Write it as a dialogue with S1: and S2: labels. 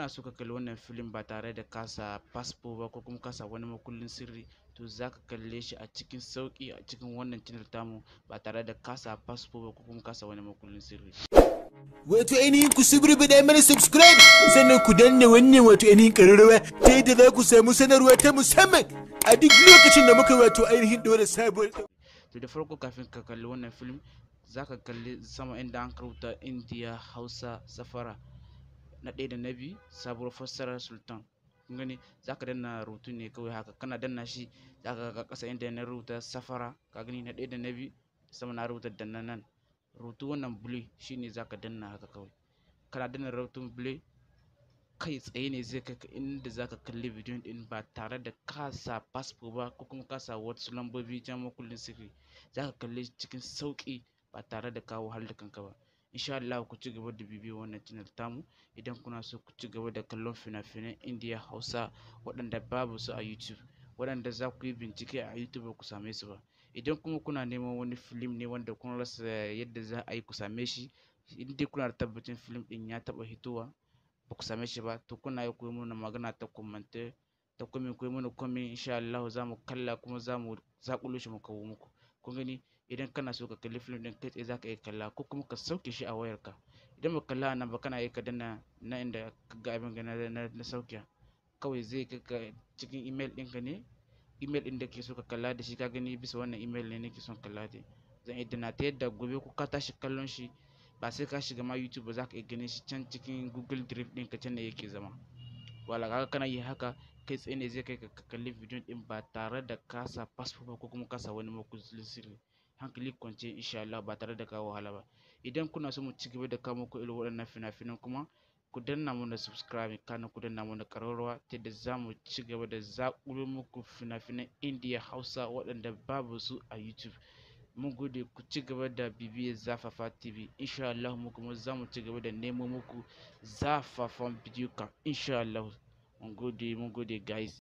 S1: kana so ka kalli wannan filin ba tare da kasa fasfo ba ko kuma kasa wani makullin sirri to za ka kalle shi a cikin sauƙi a cikin wannan channel tamu ba tare da kasa fasfo ba ko kuma kasa wani makullin
S2: sirri wato ainihin ku subscribe dai mana subscribe sannan ku danna wannan wato ainihin ƙararrawa ta yadda za ku samu sanarwa ta musamman a duk lokacin da muka wato ainihin dole sabuwar
S1: to da farko kafin ka kalli wannan filin, za ka kalli sama inda an karuta india hausa safara na ɗaya da na biyu sabuwar fassarar sultan kun gani za ka danna rutu ne kawai haka kana danna shi za ka ga ƙasa inda na rubuta safara ka gani na ɗaya da na biyu sama na rubuta da nan rutu wannan shi ne za ka danna haka kawai kana danna rubutun bule kai tsaye ne zai kai inda za ka kalli bidiyo din ba tare da kasa fasfo ba ko kuma kasa wasu lambobi jama'a kullum sirri za ka kalli cikin sauƙi ba tare da kawo har da kanka ba insha Allah ku ci gaba da bibiyo wannan channel tamu idan kuna so ku ci gaba da kallon fina-finan Indiya Hausa waɗanda babu su a YouTube waɗanda za ku yi bincike a YouTube ba ku same su ba idan kuma kuna neman wani film ne wanda kun rasa yadda za a yi ku same shi in dai kuna da tabbacin film ɗin ya taɓa hitowa ba ku same shi ba to kuna yi koyi mana magana ta komante ta komi koyi mana komi insha Allah za mu kalla kuma za mu zaƙulo shi mu kawo muku kun gani idan kana so ka kalli film din kai tsaye zaka iya kalla ko kuma ka sauke shi a wayarka idan ba kalla nan ba kana iya ka danna na inda ka ga abin ga na sauke kawai zai kai ka cikin email ɗinka ne email ɗin da ke so ka kalla da shi ka gani bisa wannan email ne nake son kalla da zan iya danna ta yadda gobe ko ka tashi kallon shi ba sai ka shiga ma youtube ba za ka iya ganin shi can cikin google drive ka can ne yake zama wala kaga kana yi haka kai tsaye ne zai kai ka kalli video din ba tare da kasa fasfo ba ko kuma kasa wani makullin sirri hankali kwance insha Allah ba tare da kawo wahala ba idan kuna so mu ci gaba da kawo muku irin waɗannan fina-finan kuma ku danna mana subscribe kana ku danna mana ƙararrawa ta yadda za mu ci gaba da zaƙulo muku fina-finan indiya hausa waɗanda babu su a youtube mun gode ku ci gaba da bibiyar zafafa tv insha Allah mu kuma za mu ci gaba da nemo muku zafafan bidiyo kan insha Allah Mon gode mon day guys